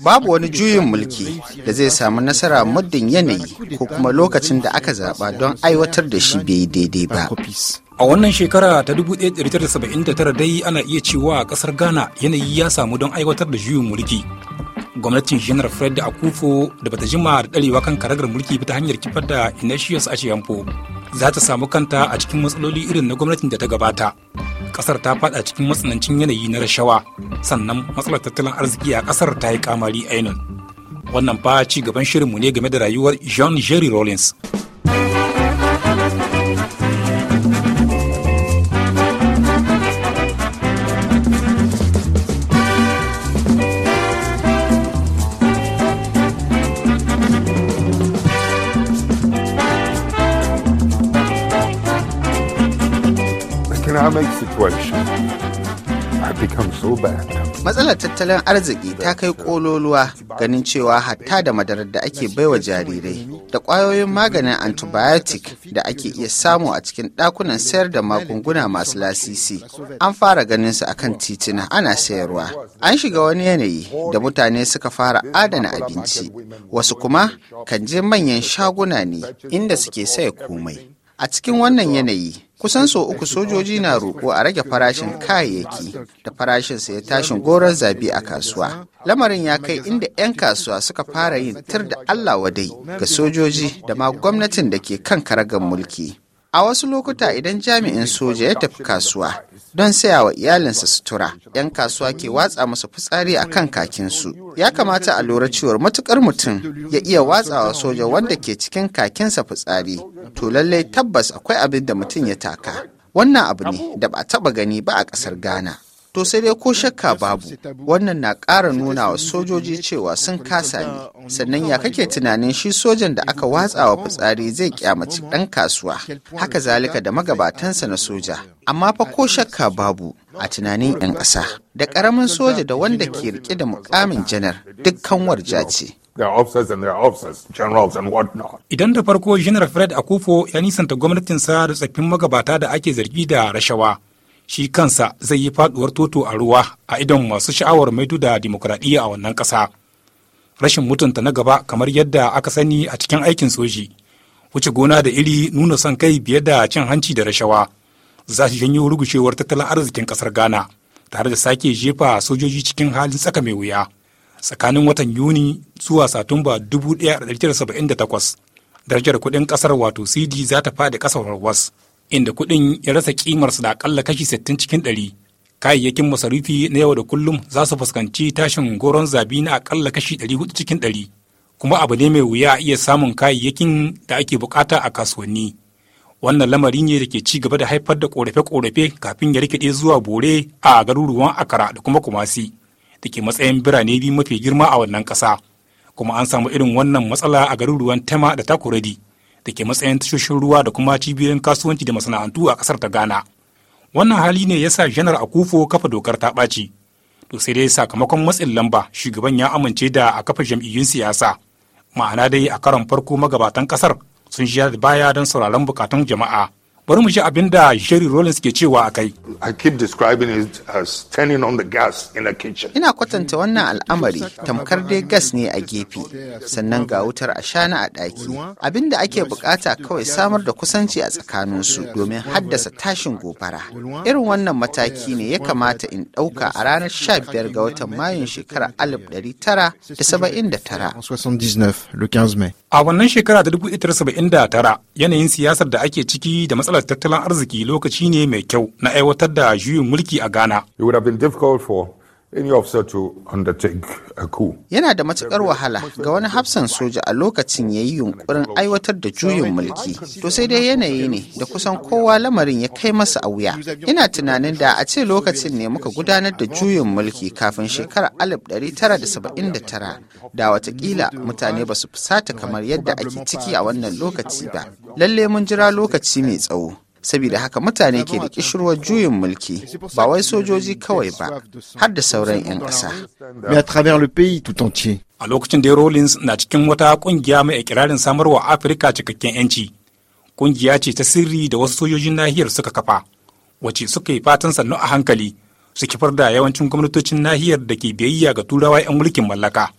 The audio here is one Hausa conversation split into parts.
Babu wani juyin mulki da zai samu nasara muddin yanayi ko kuma lokacin da aka zaba don aiwatar da shi bai daidai ba. A wannan shekara ta 1979 dai ana iya cewa kasar Ghana yanayi ya samu don aiwatar da juyin mulki. gwamnatin janar fred akufo da bata jima da ɗarewa kan karagar mulki ta hanyar kifar da ignatius ashiyampo za ta samu kanta a cikin matsaloli irin na gwamnatin da ta gabata kasar ta fada cikin matsanancin yanayi na rashawa sannan matsalar tattalin arziki a kasar ta yi kamari ainun wannan fa ci gaban shirinmu ne game da rayuwar jean jerry rollins economic situation had become so bad. Matsalar tattalin arziki ta kai kololuwa ganin cewa hatta da madarar da ake baiwa jarirai da ƙwayoyin maganin antibiotic da ake iya samu a cikin ɗakunan sayar da magunguna masu lasisi an fara ganin su akan titina ana sayarwa. An shiga wani yanayi da mutane suka fara adana abinci wasu kuma kan je manyan shaguna ne inda suke saya komai. A cikin wannan yanayi Kusan sau uku sojoji na roƙo a rage farashin kayayyaki da farashin sai tashin goron zabi a kasuwa. Lamarin ya kai inda 'yan kasuwa suka fara yin tir da Allah wadai ga sojoji da ma gwamnatin da ke kan karagar mulki. A wasu lokuta idan jami'in soja ya tafi kasuwa don saya wa iyalinsa sutura, 'yan kasuwa ke watsa masa fitsari a kan kakinsu. Ya kamata a lura cewar matukar mutum ya iya watsawa soja wanda ke cikin kakinsa fitsari, to lallai tabbas akwai abin da mutum ya taka. Wannan abu ne da ba a taba gani ba a ƙasar Ghana. to sai dai ko shakka babu wannan na ƙara nuna wa sojoji cewa sun kasa ne sannan ya kake tunanin shi sojan da aka watsa wa fitsari zai kyamaci ɗan kasuwa haka zalika da magabatansa na soja amma fa ko shakka babu a tunanin 'yan ƙasa da ƙaramin soja da wanda ke rike da mukamin janar dukkan warja ce Idan da farko Janar Fred Akufo ya nisanta gwamnatinsa da tsaffin magabata da ake zargi da rashawa, shi kansa zai yi faduwar toto a ruwa a idon masu sha'awar maido da dimokuraɗiyya a wannan ƙasa rashin mutunta na gaba kamar yadda aka sani a cikin aikin soji wuce gona da iri nuna son kai biye da cin hanci da rashawa za su janyo rugushewar tattalin arzikin ƙasar ghana tare da sake jefa sojoji cikin halin tsaka mai wuya tsakanin watan yuni zuwa satumba 1978 darajar kuɗin ƙasar wato cd za ta faɗi ƙasar warwas inda kuɗin ya rasa kimarsa da akalla kashi 60 cikin 100 kayayyakin masarufi na yau da kullum za su fuskanci tashin goron zabi na akalla kashi ɗari hudu cikin ɗari kuma abu ne mai wuya a iya samun kayayyakin da ake bukata a kasuwanni wannan lamari ne da ke ci gaba da haifar da korafe-korafe kafin ya rikide zuwa bore a garuruwan akara da kuma kumasi da ke matsayin birane biyu mafi girma a wannan ƙasa kuma an samu irin wannan matsala a garuruwan tema da takoradi da ke matsayin tashoshin ruwa da kuma cibiyoyin kasuwanci da masana'antu a kasar ta ghana wannan hali ne ya sa janar a kufo kafa dokar ta ɓaci to sai dai sakamakon matsin lamba shugaban ya amince da a kafa jam'iyyun siyasa ma'ana dai a karon farko magabatan kasar sun shiya da baya don sauraron bukatun jama'a bari mu ji abin da Sherry Rollins ke cewa a kai. I keep describing it as turning on the gas in a kitchen. Ina kwatanta wannan al'amari tamkar dai gas ne a gefe sannan ga wutar ashana a ɗaki. Abin da ake bukata kawai samar da kusanci a tsakaninsu domin haddasa tashin gobara. Irin wannan mataki ne ya kamata in ɗauka a ranar 15 ga watan Mayun shekarar 1979. A wannan shekara ta 1979 yanayin siyasar da ake ciki da matsalar matsalar tattalin arziki lokaci ne mai kyau na aiwatar da juyin mulki a Ghana. It would have been difficult Yana da matukar wahala ga wani hafsan soja a lokacin ya yi yunkurin aiwatar da juyin mulki. To sai dai yanayi ne da kusan kowa lamarin ya kai masa a wuya. Ina tunanin da a ce lokacin ne muka gudanar da juyin mulki kafin shekarar 1979 da watakila mutane ba su fusata kamar yadda ake ciki a wannan lokaci ba. Lalle mun jira lokaci mai tsawo. saboda haka mutane ke da kishirwar juyin mulki ba wai sojoji kawai ba har da sauran 'yan ƙasa. A lokacin da Rollins na cikin wata kungiya mai ikirarin samarwa Afirka cikakken 'yanci. Kungiya ce ta sirri da wasu sojojin nahiyar suka kafa, wacce suka yi fatan sannu a hankali su kifar da yawancin gwamnatocin nahiyar da ke biyayya ga turawa 'yan mulkin mallaka.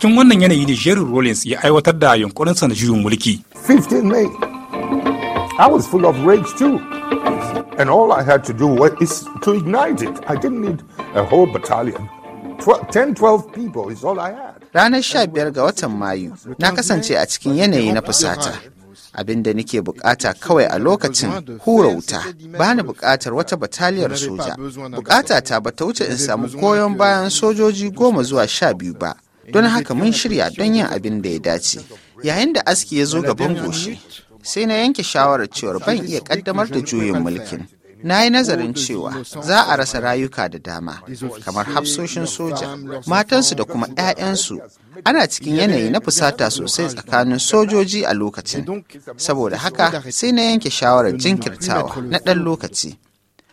cikin wannan yanayi ne jerry rawlings ya aiwatar da yunkurinsa na juyin mulki 15 may i it i didn't need a whole battalion 10-12 people is all ga watan mayu na kasance a cikin yanayi na fusata abin da nake bukata kawai a lokacin hura wuta ba ni bukatar wata bataliyar soja bukata ta bata wuce in samu koyon bayan sojoji goma zuwa sha biyu ba don haka mun shirya don yin abin da ya dace yayin da aski ya zo gaban goshi sai na yanke shawarar cewar ban iya kaddamar da juyin mulkin na yi nazarin cewa za a rasa rayuka da dama kamar hafsoshin soja matansu da kuma 'ya'yansu ana cikin yanayi na fusata sosai tsakanin sojoji a lokacin saboda haka sai na yanke shawarar jinkirtawa na ɗan lokaci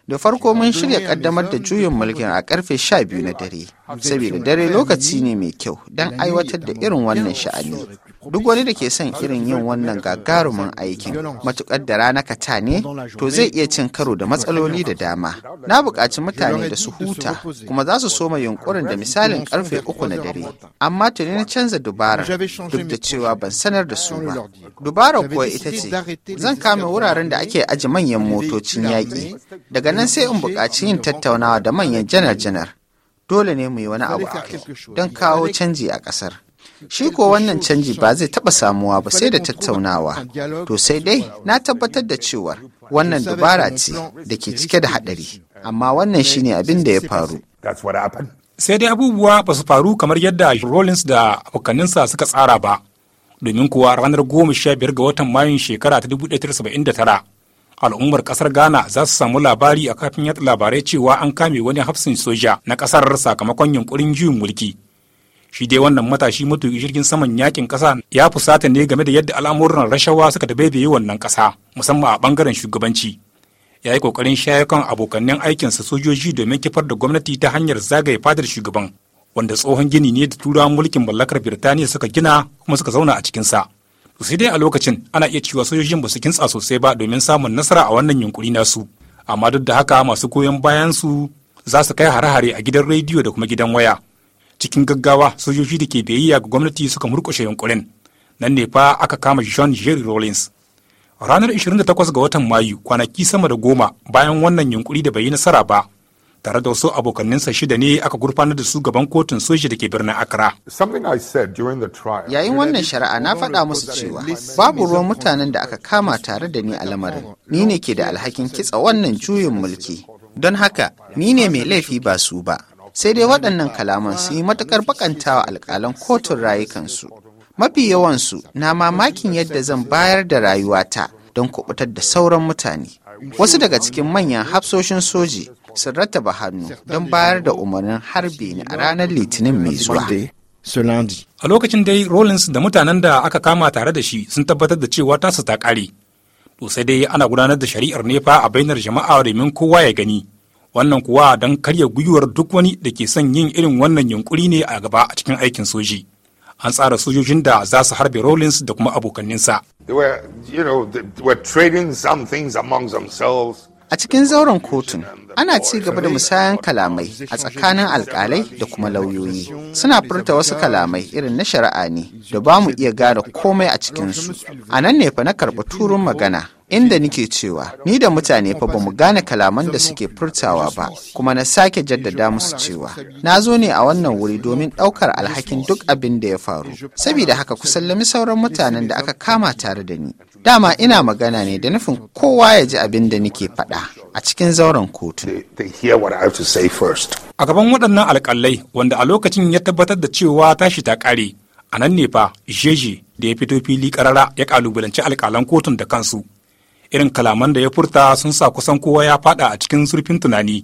da farko mun shirya kaddamar da juyin mulkin a karfe biyu na dare saboda dare lokaci ne mai kyau don aiwatar da irin wannan sha'ani Duk wani da ke son irin yin wannan gagarumin aikin matukar da rana kata ne to zai iya cin karo da matsaloli da dama. Na buƙaci mutane da su huta kuma za su soma yunkurin da misalin karfe uku na dare. Amma tuni na canza dubara duk da cewa ban sanar da su ba. Dubara kuwa ita ce zan kame wuraren da ake aji manyan motocin yaƙi. Daga nan sai in buƙaci yin tattaunawa da manyan janar-janar. Dole ne mu yi wani abu a kai don kawo canji a ƙasar. Shi ko wannan canji ba zai taɓa samuwa ba sai da tattaunawa. To sai dai na tabbatar da cewar wannan dubara ce da ke cike da haɗari. Amma wannan shi ne abin da ya faru. Sai dai abubuwa ba su faru kamar yadda Rollins da abokaninsa suka tsara ba. Domin kuwa ranar goma sha biyar ga watan Mayun shekara ta tara al'ummar ƙasar Ghana za su samu labari a kafin yadda labarai cewa an kame wani hafsin soja na kasar sakamakon yunkurin juyin mulki. shi dai wannan matashi matuƙi jirgin saman yakin ƙasa ya fusata ne game da yadda al'amuran rashawa suka dabaibaye wannan ƙasa musamman a ɓangaren shugabanci ya yi ƙoƙarin shayo kan aikinsa sojoji domin kifar da gwamnati ta hanyar zagaye fadar shugaban wanda tsohon gini ne da turawan mulkin mallakar birtaniya suka gina kuma suka zauna a cikinsa sai dai a lokacin ana iya cewa sojojin ba su kintsa sosai ba domin samun nasara a wannan yunkuri nasu amma duk da haka masu goyon bayan su za su kai hare-hare a gidan rediyo da kuma gidan waya cikin gaggawa sojoji da ke biyayya ga gwamnati suka murkushe yunkurin nan ne fa aka kama john jerry rollins ranar 28 ga watan mayu kwanaki sama da goma bayan wannan yunkuri da bai yi nasara ba tare da wasu abokaninsa shida ne aka gurfanar da su gaban kotun soji da ke birnin Accra. Yayin wannan shari'a na faɗa musu cewa babu ruwan mutanen da aka kama tare da ni a lamarin. Ni ne ke da alhakin kitsa wannan juyin mulki. Don haka, ni ne mai laifi ba su ba. sai dai waɗannan kalaman sun yi matuƙar bakantawa alƙalan kotun rayukansu mafi yawansu na mamakin yadda zan bayar da rayuwata don kubutar da sauran mutane wasu daga cikin manyan hafsoshin soji sun rattaba hannu don bayar da umarnin harbi ne a ranar litinin mai zuwa a lokacin dai rollins da mutanen da aka kama tare da shi sun tabbatar da cewa tasu ta kare to sai dai ana gudanar da shari'ar nefa a bainar jama'a domin kowa ya gani wannan kuwa don karya gwiwar duk wani da ke son yin irin wannan yunkuri ne a gaba a cikin aikin soji an tsara sojojin da za su harbe rollins da kuma abokaninsa. a cikin zauren kotun ana ci gaba da musayan kalamai a tsakanin alkalai da kuma lauyoyi suna furta wasu kalamai irin na shari'a ne da ba mu iya gane komai a cikinsu a nan ne fa na karɓi turun magana inda nike cewa ni da mutane fa ba mu gane kalaman da suke furtawa ba kuma na sake jaddada musu cewa na zo ne a wannan wuri domin ɗaukar alhakin duk abin da ya faru saboda haka ku sallami sauran mutanen da aka kama tare da ni dama ina magana ne da nufin kowa ya ji abin da nike faɗa a cikin zauren kotu. A gaban waɗannan alƙalai wanda a lokacin ya tabbatar da cewa tashi ta ƙare, a nan ne fa jeje da ya fito fili ƙarara ya ƙalubalanci alƙalan kotun da kansu. irin kalaman da ya furta sun sa kusan kowa ya fada a cikin zurfin tunani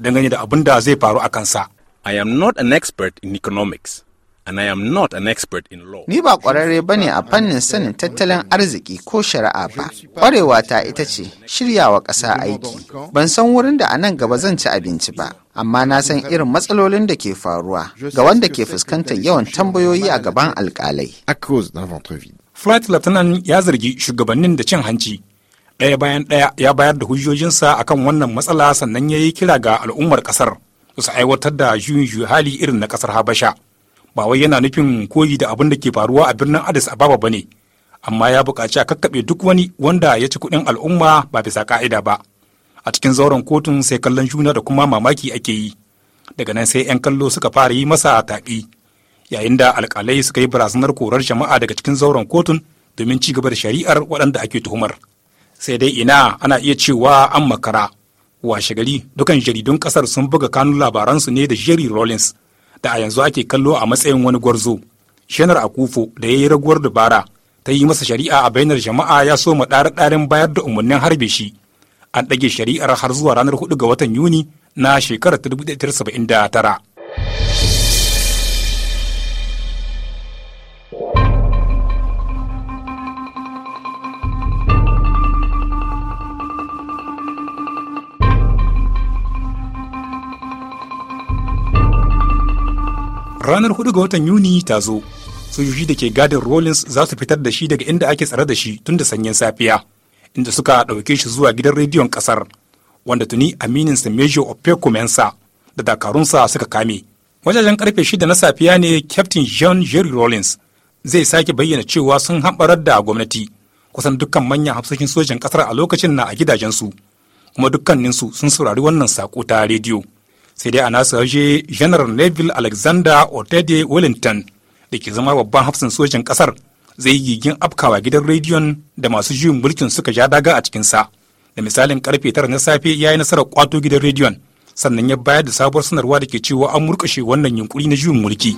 dangane da abin da zai faru a kansa. I am not an expert in economics and I am not an expert in law. Ni ba ƙwararre ba ne a fannin sanin tattalin arziki ko shari'a ba. Ƙwarewa ta ita ce shiryawa ƙasa aiki. Ban san wurin da a nan gaba zan ci abinci ba. Amma na san irin matsalolin da ke faruwa ga wanda ke fuskantar yawan tambayoyi a gaban alƙalai. Flight Lieutenant ya zargi shugabannin da cin hanci ɗaya bayan ɗaya ya bayar da hujjojinsa akan wannan matsala sannan ya yi kira ga al'ummar ƙasar su aiwatar da juyin juyi hali irin na ƙasar habasha ba wai yana nufin koyi da abin da ke faruwa a birnin addis ababa ba ne amma ya buƙaci a kakkaɓe duk wani wanda ya ci kuɗin al'umma ba bisa ƙa'ida ba a cikin zauren kotun sai kallon juna da kuma mamaki ake yi daga nan sai 'yan kallo suka fara yi masa taɓi yayin da alƙalai suka yi barazanar korar jama'a daga cikin zauren kotun domin ci gaba da shari'ar waɗanda ake tuhumar. sai dai ina ana iya cewa an makara washe gari dukan jaridun kasar sun buga kanun labaransu ne da jerry rollins da a yanzu ake kallo a matsayin wani gwarzo shanar akufo da ya yi raguwar dubara ta yi masa shari'a a bainar jama'a ya so mu ɗare-ɗaren bayar da umarnin harbe shi an ɗage shari'ar har zuwa ranar 4 ga watan yuni na shekarar 1979 ranar 4 ga watan yuni ta zo sojoji da ke gadin rollins za su fitar da shi daga inda ake tsare da shi tun da sanyin safiya inda suka ɗauke shi zuwa gidan rediyon ƙasar wanda tuni aminin sa major opeko mensa da dakarunsa suka kame wajajen karfe shida na safiya ne captain john jerry rollins zai sake bayyana cewa sun haɓarar da gwamnati kusan dukkan manyan hafsoshin sojin ƙasar a lokacin na a gidajensu kuma dukkaninsu sun saurari wannan saƙo ta rediyo sai dai a nasu haushe general neville alexander otede wellington da ke zama babban hafsan sojin kasar zai yi gigin afkawa gidan rediyon da masu juyin mulkin suka ja daga a cikinsa da misalin karfe tara na safe ya yi nasarar kwato gidan rediyon sannan ya bayar da sabuwar sanarwa da ke cewa an murkushe wannan yunkuri na juyin mulki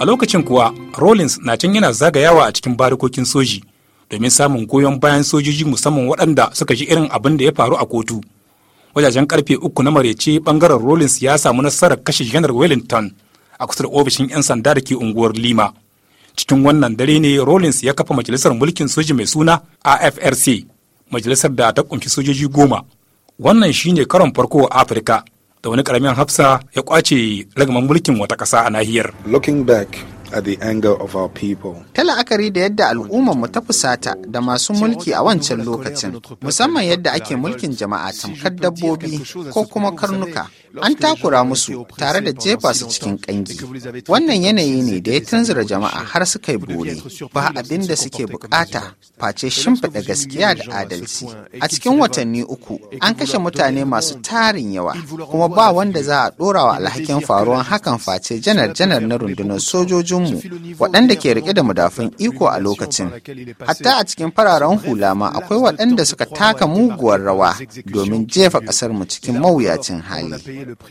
a lokacin kuwa rollins na can yana zagayawa a cikin barikokin soji domin samun goyon bayan sojoji musamman waɗanda suka ji irin abin da ya faru a kotu wajajen karfe uku na marece bangaren rollins ya samu nasarar kashe janar wellington a kusa da ofishin 'yan sanda da ke unguwar lima cikin wannan dare ne rollins ya kafa majalisar mulkin soji mai suna afrc majalisar da ta kunshi sojoji goma wannan shine karon farko a afirka da wani karamin hafsa ya kwace ragaman mulkin wata ƙasa a nahiyar looking back at the anger of our people. Ta la'akari da yadda al'ummar mu ta fusata da masu mulki a wancan lokacin, musamman yadda ake mulkin jama'a tamkar dabbobi ko kuma karnuka. An takura musu tare da jefa su cikin kangi. Wannan yanayi ne da ya tunzura jama'a har suka yi bore, ba abin da suke bukata face shimfiɗa gaskiya da adalci. A cikin watanni uku, an kashe mutane masu tarin yawa, kuma ba wanda za a ɗora wa alhakin faruwan hakan face janar-janar na rundunar sojojin mu, waɗanda ke rike da madafun iko a lokacin hatta a cikin fararen hula ma akwai waɗanda suka taka muguwar rawa domin jefa ƙasar mu cikin mawuyacin hali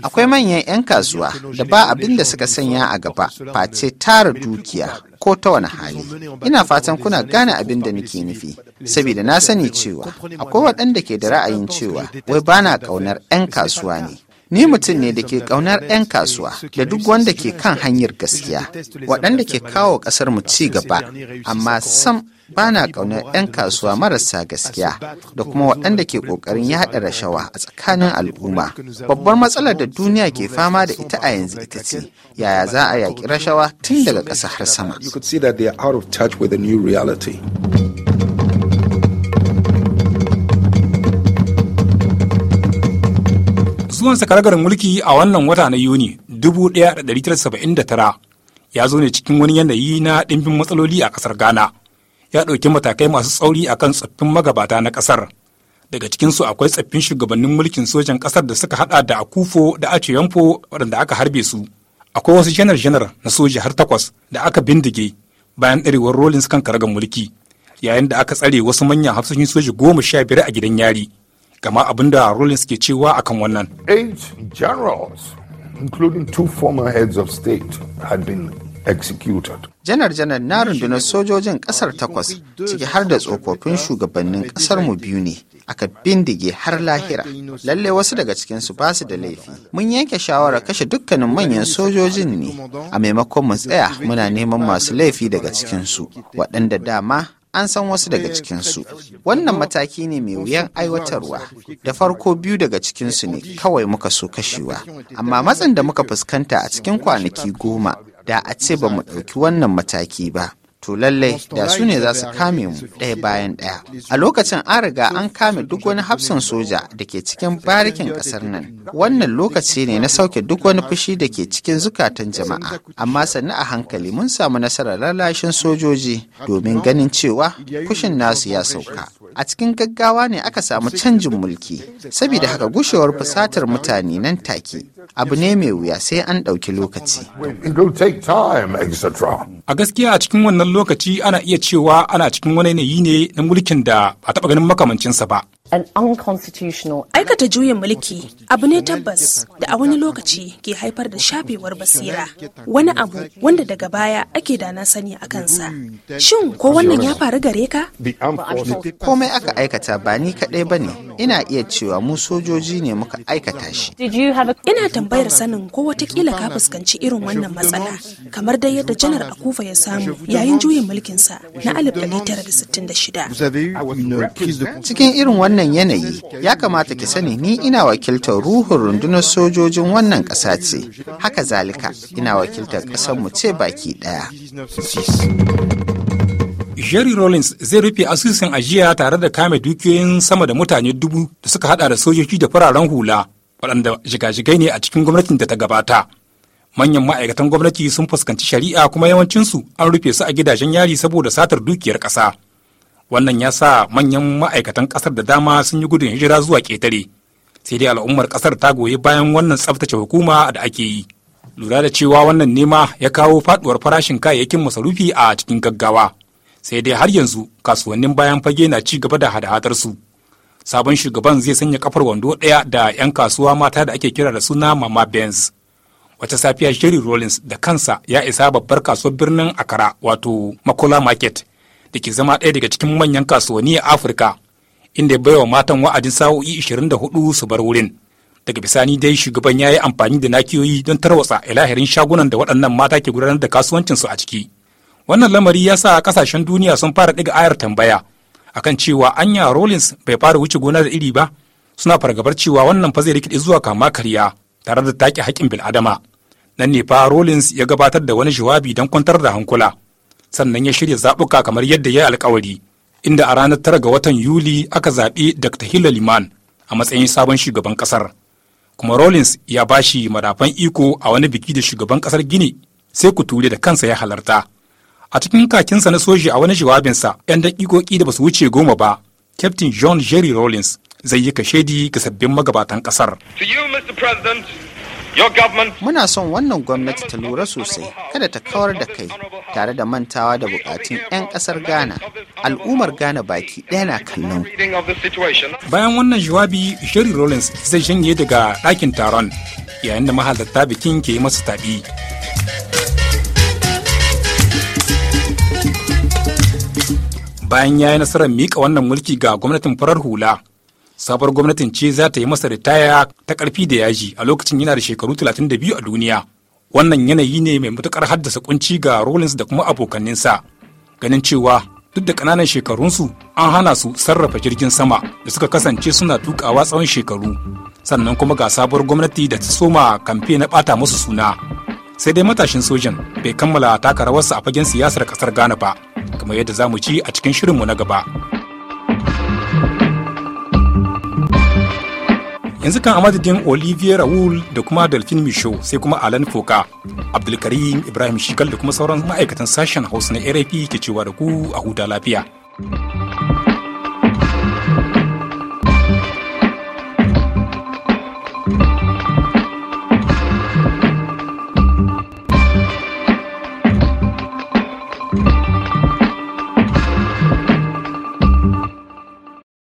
akwai manyan 'yan kasuwa da ba abin da suka sanya a gaba face tara dukiya ko ta wani hali ina fatan kuna gane abin da nake nufi saboda na sani cewa akwai waɗanda ke da ra'ayin cewa wai bana ƙaunar 'yan kasuwa ne Ni mutum ne da ke ƙaunar 'yan kasuwa da duk wanda ke kan hanyar gaskiya, waɗanda ke kawo ƙasar mu ci gaba, amma sam bana ƙaunar 'yan kasuwa marasa gaskiya da kuma waɗanda ke ƙoƙarin yaɗa rashawa a tsakanin al'umma. Babbar matsalar da duniya ke fama da ita a yanzu ita ce yaya za a yaƙi rashawa tun daga ƙasa har sama. zuwansa karagar mulki a wannan wata na yuni 1979 ya zo ne cikin wani yanayi na ɗimbin matsaloli a ƙasar ghana ya ɗauki matakai masu tsauri a kan tsoffin magabata na ƙasar daga cikinsu akwai tsoffin shugabannin mulkin sojan ƙasar da suka haɗa da akufo da aciyamfo waɗanda aka harbe su akwai wasu janar-janar na soja har takwas da aka bindige bayan ɗarewar rolins kan karagar mulki yayin da aka tsare wasu manyan hafsoshin soja goma sha biyar a gidan yari gama abin da Rollins ke cewa akan wannan. Eight generals, including two former heads of state, had been executed. Janar-janar na rundunar sojojin ƙasar takwas ciki har da tsofaffin shugabannin ƙasar mu biyu ne aka bindige har lahira. Lalle wasu daga cikinsu ba su da laifi. Mun yanke shawarar kashe dukkanin manyan sojojin ne a maimakon mu tsaya muna neman masu laifi daga cikin su waɗanda dama an san wasu daga eh, cikinsu. Wannan mataki ne mai wuyan aiwatarwa. Da farko biyu daga cikinsu ne kawai muka so kashewa. Amma matsin da muka fuskanta a cikin kwanaki goma da a ce ba mu ɗauki wannan mataki ba. to lallai da su ne za su kame mu ɗaya bayan ɗaya. A lokacin an riga an kame duk wani hafsan soja da ke cikin barikin ƙasar nan. Wannan lokaci ne na sauke duk wani fushi da ke cikin zukatan jama'a, amma sannu a hankali mun samu nasarar lalashin sojoji domin ganin cewa fushin nasu ya sauka. A cikin gaggawa ne aka samu canjin mulki, saboda haka gushewar fusatar mutane nan take abu ne mai wuya sai an ɗauki lokaci. A gaskiya a cikin wannan lokaci ana iya cewa ana cikin wani yanayi ne na mulkin da ba taɓa ganin makamancinsa ba. Aikata juyin mulki abu ne tabbas da a wani lokaci ke haifar da shafewar basira wani abu wanda daga baya ake da na sani a kansa. Shin ko wannan ya faru gare ka? Komai aka aikata ba ni kaɗai ba ne, ina iya cewa mu sojoji ne muka aikata shi. Ina tambayar sanin ko watakila ka fuskanci irin wannan matsala kamar dai yadda janar Akufa ya samu yayin juyin mulkinsa na 1966. Cikin irin wannan wannan yanayi ya kamata ki sani ni ina wakiltar ruhun rundunar sojojin wannan ƙasa ce haka zalika ina wakiltar ƙasarmu ce baki ɗaya Jerry rollins zai rufe asusun ajiya tare da kame dukiyoyin sama da mutane dubu da suka hada da sojoji da fararen hula waɗanda shiga-shigai ne a cikin gwamnatin da ta gabata. Manyan ma'aikatan gwamnati sun fuskanci shari'a kuma yawancinsu an rufe su a gidajen yari saboda satar dukiyar ƙasa. wannan ya sa manyan ma'aikatan kasar da dama sun yi gudun hijira zuwa ƙetare sai dai al'ummar kasar ta goyi bayan wannan tsaftace hukuma da ake yi lura da cewa wannan nema ya kawo faduwar farashin kayayyakin masarufi a cikin gaggawa sai dai har yanzu kasuwannin bayan fage na ci gaba da hada-hadar su sabon shugaban zai sanya kafar wando ɗaya da 'yan kasuwa mata da ake kira da suna mama benz wata safiya shirin rollins da kansa ya isa babbar kasuwar birnin akara wato makola market da ke zama ɗaya daga cikin manyan kasuwanni a afirka inda ya baiwa matan wa'adin sa'o'i hudu su bar wurin daga bisani dai shugaban ya yi amfani da nakiyoyi don tarwatsa ilahirin shagunan da waɗannan mata ke gudanar da kasuwancinsu a ciki wannan lamari ya sa ƙasashen duniya sun fara ɗiga ayar tambaya akan cewa anya rollins bai fara wuce gona da iri ba suna fargabar cewa wannan fa zai rikide zuwa kama karya tare da take haƙƙin bil'adama nan ne fa rollins ya gabatar da wani jawabi don kwantar da hankula sannan ya shirya zaɓuka kamar yadda ya yi alkawari inda a ranar tara ga watan yuli aka zaɓi dr hillaliman liman a matsayin sabon shugaban ƙasar kuma rollins ya ba shi madafan iko a wani biki da shugaban ƙasar gini sai ku ture da kansa ya halarta a cikin kakinsa na soji a wani jawabinsa 'yan daƙiƙoƙi da basu wuce goma ba captain john jerry rollins zai yi kashedi ga sabbin magabatan ƙasar. to president Muna son wannan gwamnati ta lura sosai kada ta kawar da kai tare da mantawa da bukatun 'yan kasar Ghana. Al'ummar Ghana baki ɗaya na kallon. Bayan wannan jawabi, Sherry Rollins zai shanye daga ɗakin taron yayin da mahalarta bikin ke yi masa taɓi. Bayan ya yi nasarar miƙa wannan mulki ga gwamnatin farar hula, sabuwar gwamnatin ce za ta yi masa ritaya ta karfi da yaji a lokacin yana da shekaru 32 a duniya wannan yanayi ne mai matukar haddasa kunci ga rollins da kuma abokaninsa ganin cewa duk da ƙananan shekarunsu an hana su sarrafa jirgin sama da suka kasance suna tukawa tsawon shekaru sannan kuma ga sabuwar gwamnati da ta soma kamfe na ɓata musu suna sai dai matashin sojan bai kammala taka rawarsa a fagen siyasar ƙasar ghana ba kamar yadda za mu ci a cikin shirinmu na gaba. yanzu kan a madadin olivier raul da kuma delphine micho sai kuma alan foka abdulkarim ibrahim shigal da kuma sauran ma'aikatan sashen hausa na rfi ke cewa da ku a huta lafiya.